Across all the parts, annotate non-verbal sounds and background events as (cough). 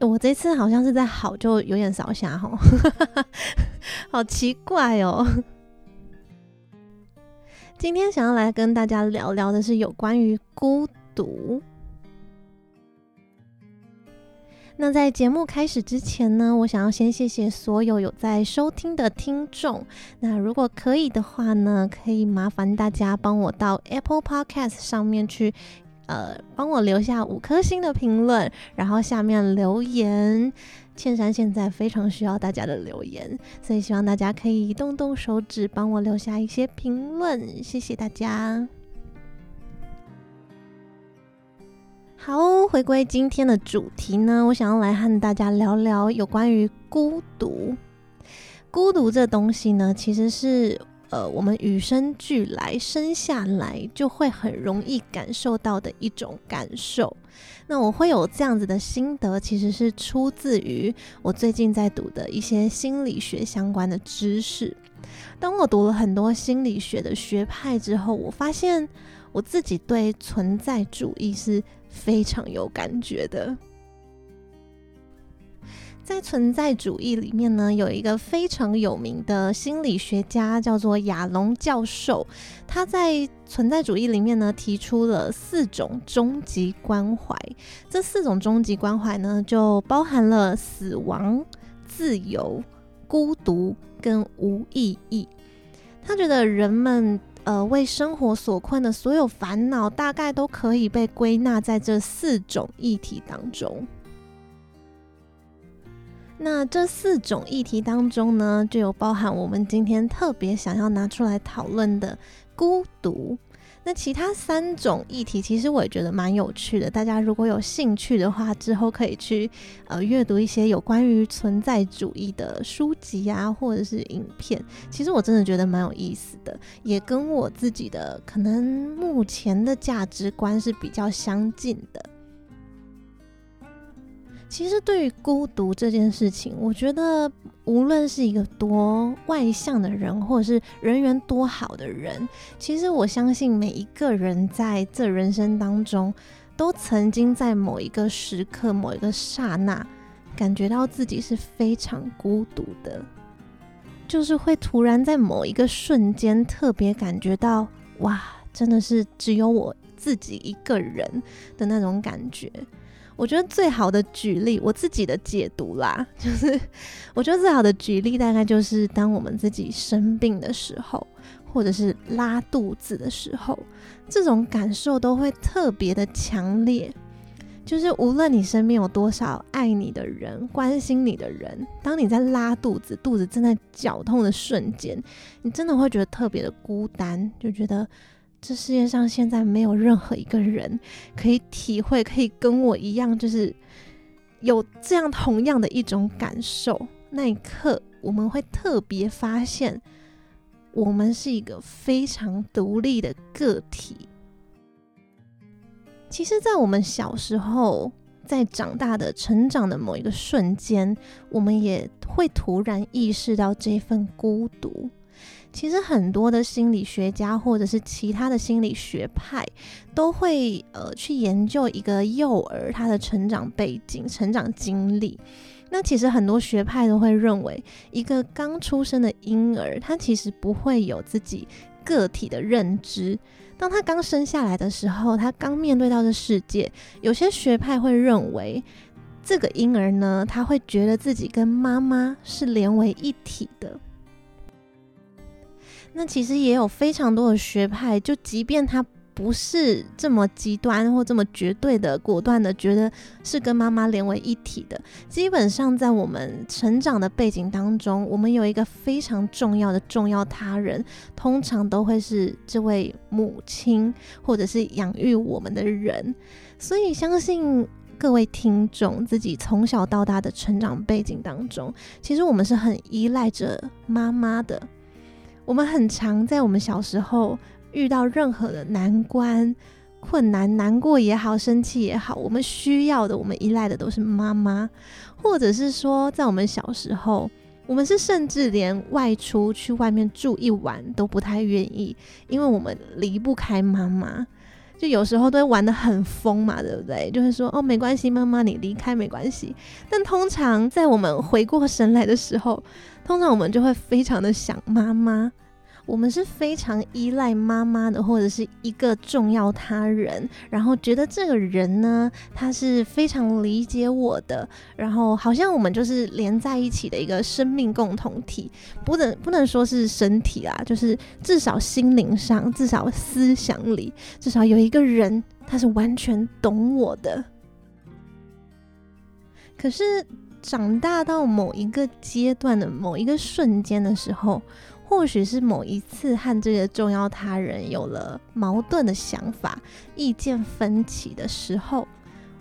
我這次好像是在好，就有點沙啞吼，好奇怪哦。今天想要來跟大家聊聊的是有關於孤獨。那在節目開始之前呢，我想要先謝謝所有有在收聽的聽眾。那如果可以的話呢，可以麻煩大家幫我到 Apple Podcast 上面去。呃，幫我留下五顆星的評論，然後下面留言。茜珊現在非常需要大家的留言，所以希望大家可以動動手指，幫我留下一些評論，謝謝大家。好，回歸今天的主題呢，我想要來和大家聊聊有關於孤獨。孤獨這東西呢，其實是。呃，我們與生俱來，生下來就會很容易感受到的一種感受。那我會有這樣子的心得，其實是出自於我最近在讀的一些心理學相關的知識。當我讀了很多心理學的學派之後，我發現我自己對存在主義是非常有感覺的。在存在主義裡面呢，有一個非常有名的心理學家叫做亞隆教授，他在存在主義裡面呢，提出了四種終極關懷。這四種終極關懷呢，就包含了死亡、自由、孤獨跟無意義。他覺得人們呃為生活所困的所有煩惱，大概都可以被歸納在這四種議題當中。那這四種議題當中呢，就有包含我們今天特別想要拿出來討論的孤獨。那其他三種議題，其實我也覺得蠻有趣的。大家如果有興趣的話，之後可以去呃閱讀一些有關於存在主義的書籍啊，或者是影片。其實我真的覺得蠻有意思的，也跟我自己的可能目前的價值觀是比較相近的。其實對於孤獨這件事情，我覺得無論是一個多外向的人，或者是人緣多好的人，其實我相信每一個人在這人生當中，都曾經在某一個時刻、某一個剎那，感覺到自己是非常孤獨的，就是會突然在某一個瞬間特別感覺到，哇，真的是只有我自己一個人的那種感覺。我覺得最好的舉例，我自己的解讀啦，就是我覺得最好的舉例大概就是，當我們自己生病的時候，或者是拉肚子的時候，這種感受都會特別的強烈。就是無論你身邊有多少愛你的人、關心你的人，當你在拉肚子、肚子正在絞痛的瞬間，你真的會覺得特別的孤單，就覺得。這世界上現在沒有任何一個人可以體會，可以跟我一樣，就是有這樣同樣的一種感受。那一刻，我們會特別發現，我們是一個非常獨立的個體。其實，在我們小時候，在長大的成長的某一個瞬間，我們也會突然意識到這份孤獨。其實很多的心理學家，或者是其他的心理學派，都會呃去研究一個幼兒他的成長背景、成長經歷。那其實很多學派都會認為，一個剛出生的嬰兒，他其實不會有自己個體的認知。當他剛生下來的時候，他剛面對到這世界，有些學派會認為，這個嬰兒呢，他會覺得自己跟媽媽是連為一體的。那其實也有非常多的學派，就即便他不是這麼極端或這麼絕對的、果斷的，覺得是跟媽媽連為一體的。基本上，在我們成長的背景當中，我們有一個非常重要的重要他人，通常都會是這位母親或者是養育我們的人。所以，相信各位聽眾自己從小到大的成長背景當中，其實我們是很依賴着媽媽的。我們很常在我們小時候遇到任何的難關、困難，難過也好，生氣也好，我們需要的、我們依賴的都是媽媽，或者是說，在我們小時候，我們是甚至連外出去外面住一晚都不太願意，因為我們離不開媽媽。就有時候都會玩得很瘋嘛，對不對？就是說哦，沒關係，媽媽你離開沒關係。但通常在我們回過神來的時候，通常我們就會非常的想媽媽。我們是非常依賴媽媽的，或者是一個重要他人，然後覺得這個人呢，他是非常理解我的，然後好像我們就是連在一起的一個生命共同體，不能不能說是身體啦，就是至少心靈上，至少思想裡，至少有一個人他是完全懂我的。可是長大到某一個階段的某一個瞬間的時候。或許是某一次和這個重要他人有了矛盾的想法、意見分歧的時候，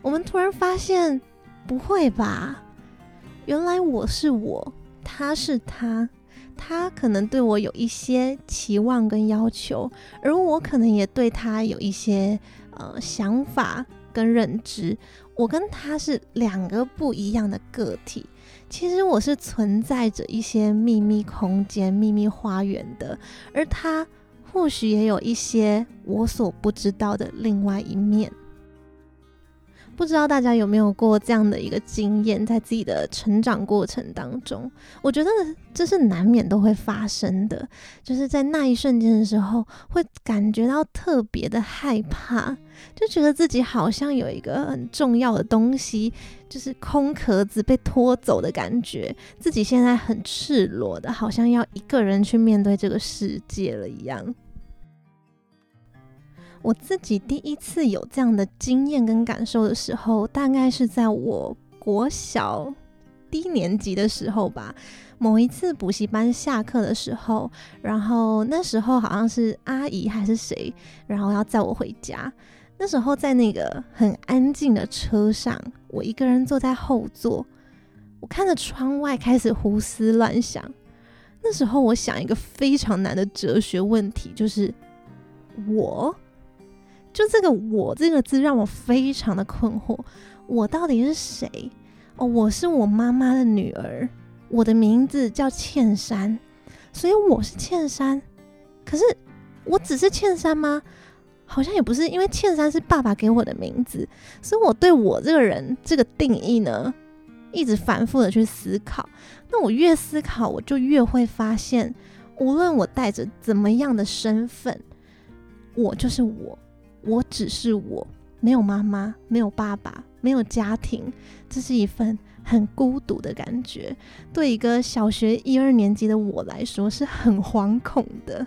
我們突然發現，不會吧？原來我是我，他是他。他可能對我有一些期望跟要求，而我可能也對他有一些，呃，想法跟認知，我跟他是兩個不一樣的個體。其實我是存在着一些秘密空間、秘密花園的，而他或許也有一些我所不知道的另外一面。不知道大家有沒有過這樣的一個經驗，在自己的成長過程當中，我覺得這是難免都會發生的，就是在那一瞬間的時候，會感覺到特別的害怕，就覺得自己好像有一個很重要的東西，就是空殼子被拖走的感覺，自己現在很赤裸的，好像要一個人去面對這個世界了一樣。我自己第一次有這樣的經驗跟感受的時候，大概是在我國小低年級的時候吧。某一次補習班下課的時候，然後那時候好像是阿姨還是誰，然後要載我回家。那時候在那個很安靜的車上，我一個人坐在後座，我看着窗外開始胡思亂想。那時候我想一個非常難的哲學問題，就是我。就這個“我”這個字讓我非常的困惑，我到底是誰？哦，我是我媽媽的女兒，我的名字叫茜珊，所以我是茜珊。可是，我只是茜珊嗎？好像也不是，因為茜珊是爸爸給我的名字，所以我對我這個人這個定義呢，一直反覆的去思考。那我越思考，我就越會發現，無論我帶着怎麼樣的身份，我就是我。我只是我，沒有媽媽，沒有爸爸，沒有家庭，這是一份很孤獨的感覺。對一個小學一二年級的我來說，是很惶恐的。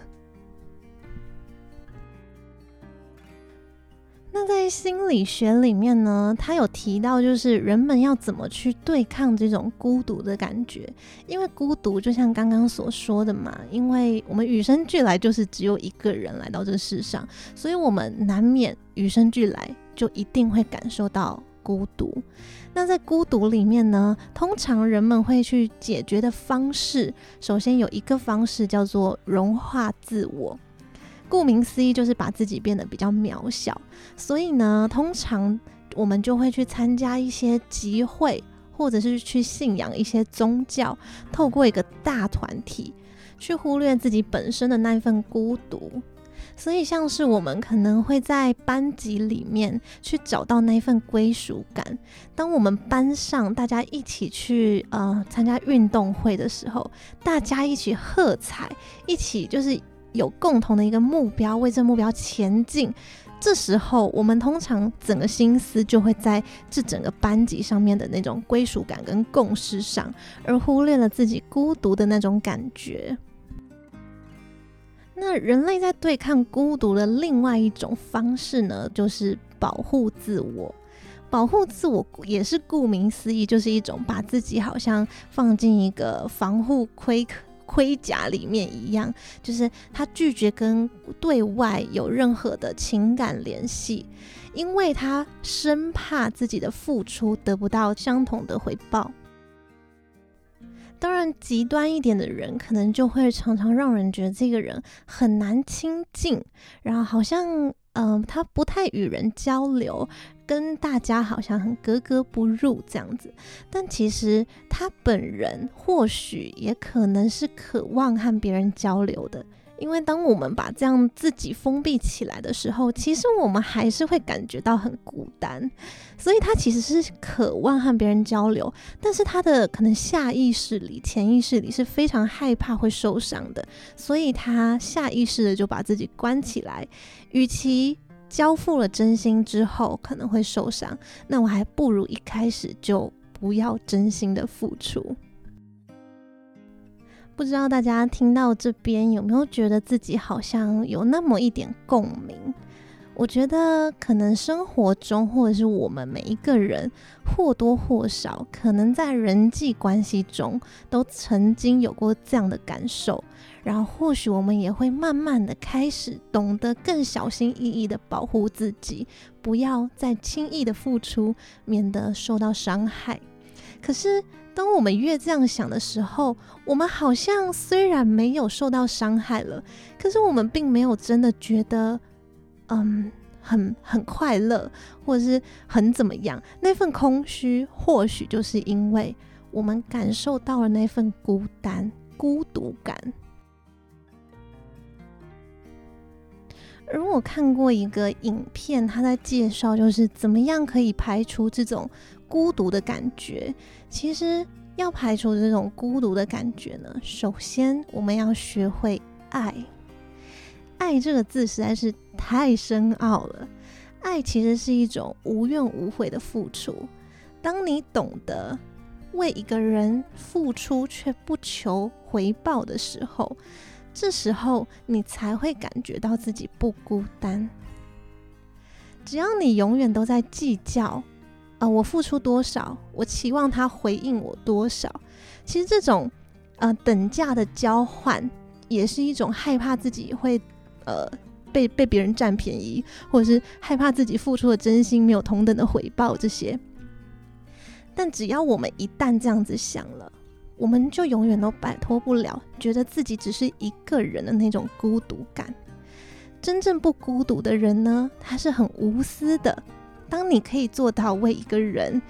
那在心理學裡面呢，他有提到，就是人們要怎麼去對抗這種孤獨的感覺，因為孤獨就像剛剛所說的嘛，因為我們與生俱來就是只有一個人來到這世上，所以我們難免與生俱來就一定會感受到孤獨。那在孤獨裡面呢，通常人們會去解決的方式，首先有一個方式叫做融化自我。顧名思義，就是把自己變得比較渺小。所以呢，通常我們就會去參加一些集會，或者是去信仰一些宗教，透過一個大團體去忽略自己本身的那一份孤獨。所以，像是我們可能會在班級裡面去找到那一份歸屬感。當我們班上大家一起去呃參加運動會的時候，大家一起喝彩，一起就是。有共同的一個目標，為這個目標前進。這時候，我們通常整個心思就會在這整個班級上面的那種歸屬感跟共識上，而忽略了自己孤獨的那種感覺。那人類在對抗孤獨的另外一種方式呢，就是保護自我。保護自我也是顧名思義，就是一種把自己好像放進一個防護盔殼。盔甲裡面一樣，就是他拒絕跟對外有任何的情感聯繫，因為他生怕自己的付出得不到相同的回報。當然，極端一點的人，可能就會常常讓人覺得這個人很難親近，然後好像。嗯，他不太與人交流，跟大家好像很格格不入這樣子。但其實他本人或許也可能是渴望和別人交流的。因為當我們把這樣自己封閉起來的時候，其實我們還是會感覺到很孤單，所以他其實是渴望和別人交流，但是他的可能下意識裡、潛意識裡是非常害怕會受傷的，所以他下意識的就把自己關起來。與其交付了真心之後可能會受傷，那我還不如一開始就不要真心的付出。不知道大家聽到這邊有沒有覺得自己好像有那麼一點共鳴？我覺得可能生活中或者是我們每一個人或多或少，可能在人際關係中都曾經有過這樣的感受。然後或許我們也會慢慢的開始懂得更小心翼翼的保護自己，不要再輕易的付出，免得受到傷害。可是，當我們越這樣想的時候，我們好像雖然沒有受到傷害了，可是我們並沒有真的覺得，嗯，很很快樂，或者是很怎麼樣。那份空虛，或許就是因為我們感受到了那份孤單、孤獨感。而我看過一個影片，他在介紹就是怎麼樣可以排除這種。孤獨的感覺，其實要排除這種孤獨的感覺呢。首先，我們要學會愛。愛這個字實在是太深奧了。愛其實是一種無怨無悔的付出。當你懂得為一個人付出卻不求回報的時候，這時候你才會感覺到自己不孤單。只要你永遠都在計較。啊、呃，我付出多少？我期望他回應我多少。其實這種，呃，等價的交換，也是一種害怕自己會，呃，被被別人佔便宜，或者是害怕自己付出的真心沒有同等的回報這些。但只要我們一旦這樣子想了，我們就永遠都擺脫不了覺得自己只是一個人的那種孤獨感。真正不孤獨的人呢，他是很無私的。當你可以做到為一個人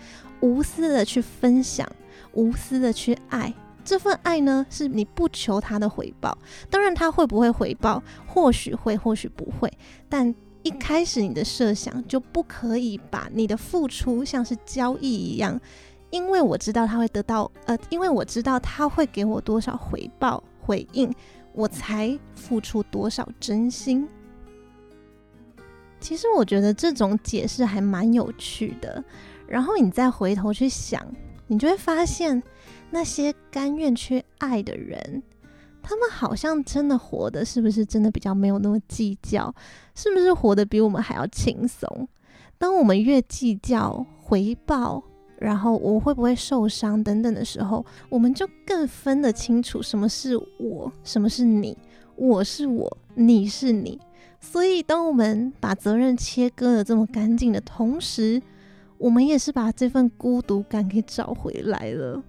無私的去分享、無私的去愛，這份愛呢，是你不求他的回報。當然，他會不會回報，或許會，或許不會。但一開始你的設想就不可以把你的付出像是交易一樣，因為我知道他會得到，呃，因為我知道他會給我多少回報、回應，我才付出多少真心。其實我覺得這種解釋還蠻有趣的，然後你再回頭去想，你就會發現那些甘願去愛的人，他們好像真的活得是不是真的比較沒有那麼計較，是不是活得比我們還要輕鬆？當我們越計較回報，然後我會不會受傷等等的時候，我們就更分得清楚什麼是我，什麼是你，我是我，你是你。所以，當我們把責任切割的這麼乾淨的同時，我們也是把這份孤獨感給找回來了。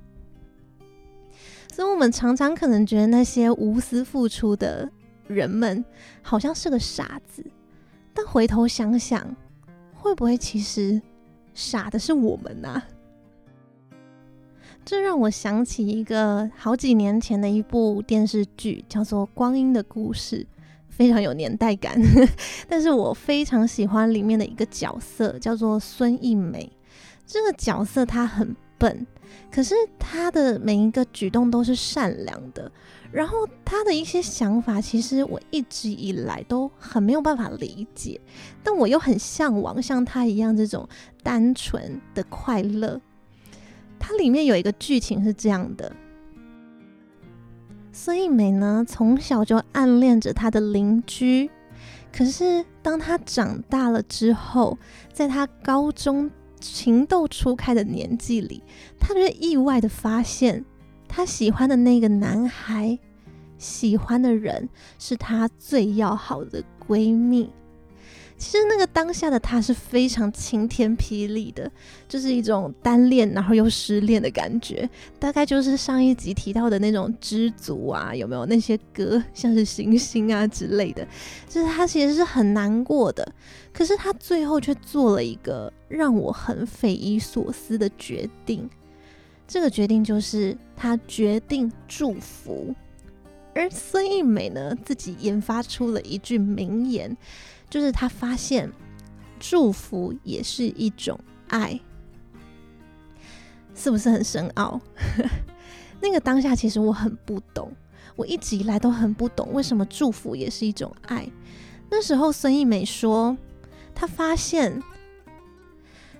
所以，我們常常可能覺得那些無私付出的人們好像是個傻子，但回頭想想，會不會其實傻的是我們呢、啊？這讓我想起一個好幾年前的一部電視劇，叫做《光陰的故事》。非常有年代感，呵呵，但是我非常喜歡裡面的一個角色，叫做孫藝美。這個角色她很笨，可是她的每一個舉動都是善良的。然後她的一些想法，其實我一直以來都很沒有辦法理解，但我又很嚮往像她一樣這種單純的快樂。它裡面有一個劇情是這樣的。孫藝美呢，從小就暗戀着她的鄰居。可是，當她長大了之後，在她高中情竇初開的年紀裡，她卻意外的發現，她喜歡的那個男孩喜歡的人是她最要好的閨蜜。其實那個當下的他是非常晴天霹靂的，就是一種單戀然後又失戀的感覺，大概就是上一集提到的那種知足啊，有沒有那些歌，像是星星啊之類的，就是他其實是很難過的。可是他最後卻做了一個讓我很匪夷所思的決定，這個決定就是他決定祝福。而孫藝美呢，自己研發出了一句名言。就是他發現，祝福也是一種愛，是不是很深奧？ (laughs) 那個當下其實我很不懂，我一直以來都很不懂為什麼祝福也是一種愛。那時候孫藝美說，她發現，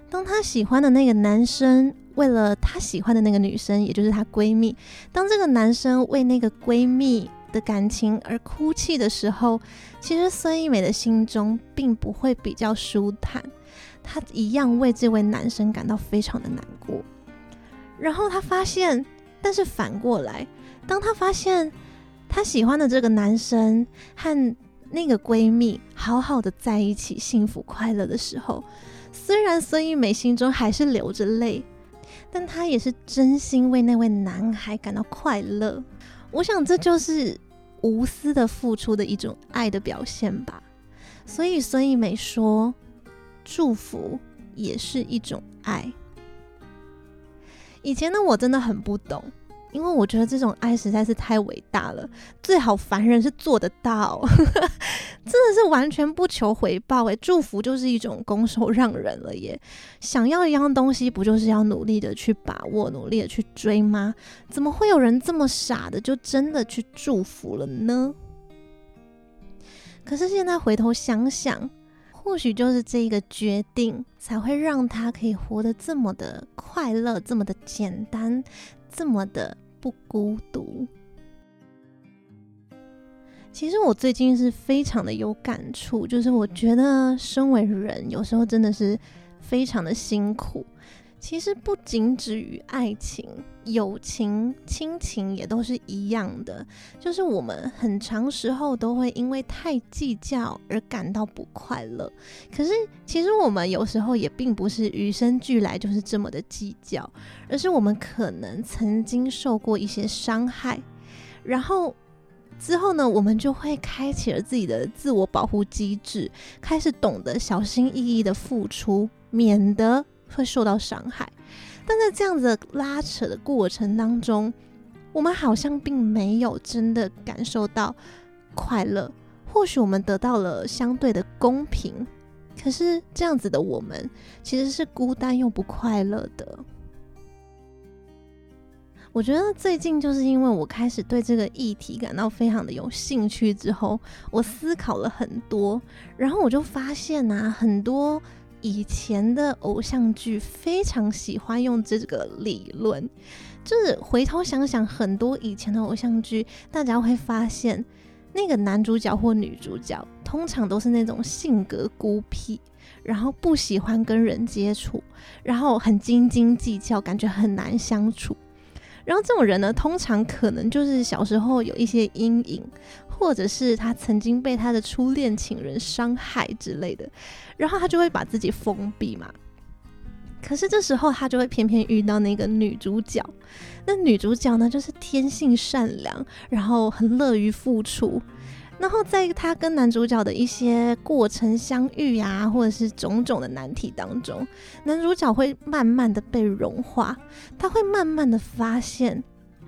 當他喜歡的那個男生為了他喜歡的那個女生，也就是她閨蜜，當這個男生為那個閨蜜，的感情而哭泣的時候，其實孫藝美的心中並不會比較舒坦，她一樣為這位男生感到非常的難過。然後她發現，但是反過來，當她發現她喜歡的這個男生和那個閨蜜好好的在一起，幸福快樂的時候，雖然孫藝美心中還是流着淚，但她也是真心為那位男孩感到快樂。我想這就是無私的付出的一種愛的表現吧，所以孫藝美說，祝福也是一種愛。以前的我真的很不懂。因為我覺得這種愛實在是太偉大了，最好凡人是做得到， (laughs) 真的是完全不求回報誒，祝福就是一種拱手讓人了耶。想要一樣東西，不就是要努力的去把握，努力的去追嗎？怎麼會有人這麼傻的，就真的去祝福了呢？可是現在回頭想想，或許就是這個決定，才會讓他可以活得這麼的快樂，這麼的簡單。這麼的不孤獨。其實我最近是非常的有感觸，就是我覺得身為人，有時候真的是非常的辛苦。其實不僅止於愛情、友情、親情也都是一樣的，就是我們很長時候都會因為太計較而感到不快樂。可是其實我們有時候也並不是與生俱來就是這麼的計較，而是我們可能曾經受過一些傷害，然後之後呢，我們就會開啟了自己的自我保護機制，開始懂得小心翼翼的付出，免得會受到傷害，但在這樣子的拉扯的過程當中，我們好像並沒有真的感受到快樂。或許我們得到了相對的公平，可是這樣子的我們其實是孤單又不快樂的。我覺得最近就是因為我開始對這個議題感到非常的有興趣之後，我思考了很多，然後我就發現啊，很多。以前的偶像劇非常喜歡用這個理論，就是回頭想想，很多以前的偶像劇，大家會發現，那個男主角或女主角通常都是那種性格孤僻，然後不喜歡跟人接觸，然後很斤斤計較，感覺很難相處。然後這種人呢，通常可能就是小時候有一些陰影。或者是他曾經被他的初戀情人傷害之類的，然後他就會把自己封閉嘛。可是這時候他就會偏偏遇到那個女主角，那女主角呢，就是天性善良，然後很樂於付出。然後在他跟男主角的一些過程相遇啊，或者是種種的難題當中，男主角會慢慢的被融化，他會慢慢的發現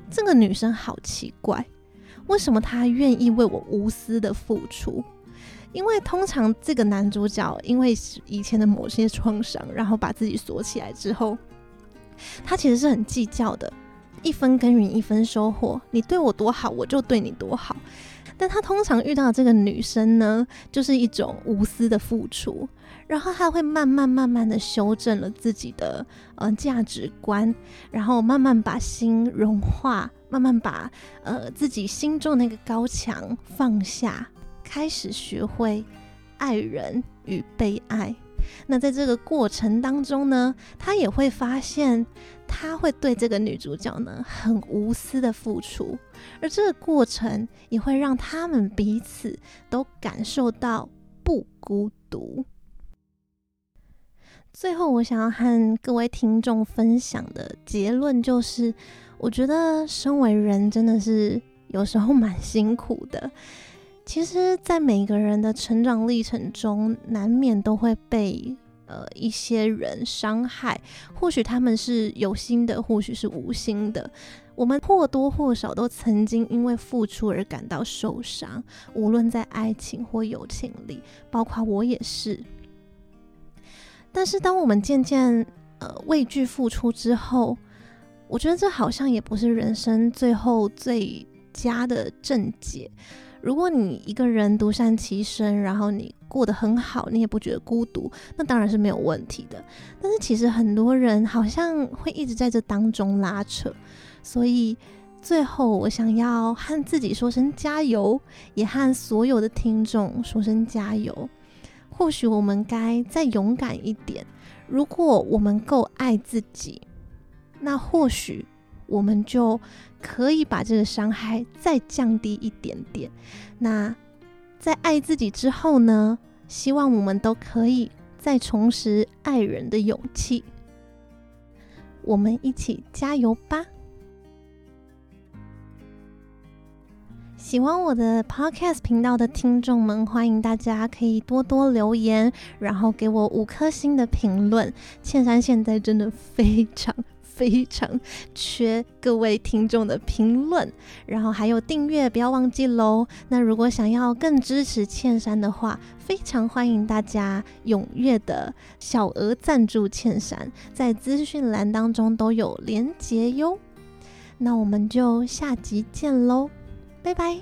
這個女生好奇怪。為什麼他願意為我無私的付出？因為通常這個男主角因為以前的某些創傷，然後把自己鎖起來之後，他其實是很計較的，一分耕耘一分收穫，你對我多好，我就對你多好。但他通常遇到這個女生呢，就是一種無私的付出，然後他會慢慢慢慢的修正了自己的呃價值觀，然後慢慢把心融化。慢慢把呃自己心中的那個高牆放下，開始學會愛人與被愛。那在這個過程當中呢，他也會發現，他會對這個女主角呢很無私的付出，而這個過程也會讓他們彼此都感受到不孤獨。最後，我想要和各位聽眾分享的結論就是。我覺得，身為人真的是有時候蠻辛苦的。其實，在每個人的成長歷程中，難免都會被呃一些人傷害。或許他們是有心的，或許是無心的。我們或多或少都曾經因為付出而感到受傷，無論在愛情或友情裡，包括我也是。但是，當我們漸漸呃畏懼付出之後，我覺得這好像也不是人生最後最佳的正解。如果你一個人獨善其身，然後你過得很好，你也不覺得孤獨，那當然是沒有問題的。但是其實很多人好像會一直在這當中拉扯，所以最後我想要和自己說聲加油，也和所有的聽眾說聲加油。或許我們該再勇敢一點，如果我們夠愛自己。那或許我們就可以把這個傷害再降低一點點。那在愛自己之後呢？希望我們都可以再重拾愛人的勇氣。我們一起加油吧！喜歡我的 Podcast 頻道的聽眾們，歡迎大家可以多多留言，然後給我五顆星的評論。茜珊現在真的非常。非常缺各位聽眾的評論，然後還有訂閱，不要忘記嘍。那如果想要更支持茜珊的話，非常歡迎大家踴躍的小額贊助茜珊，在資訊欄當中都有連接喲。那我們就下集見嘍，拜拜。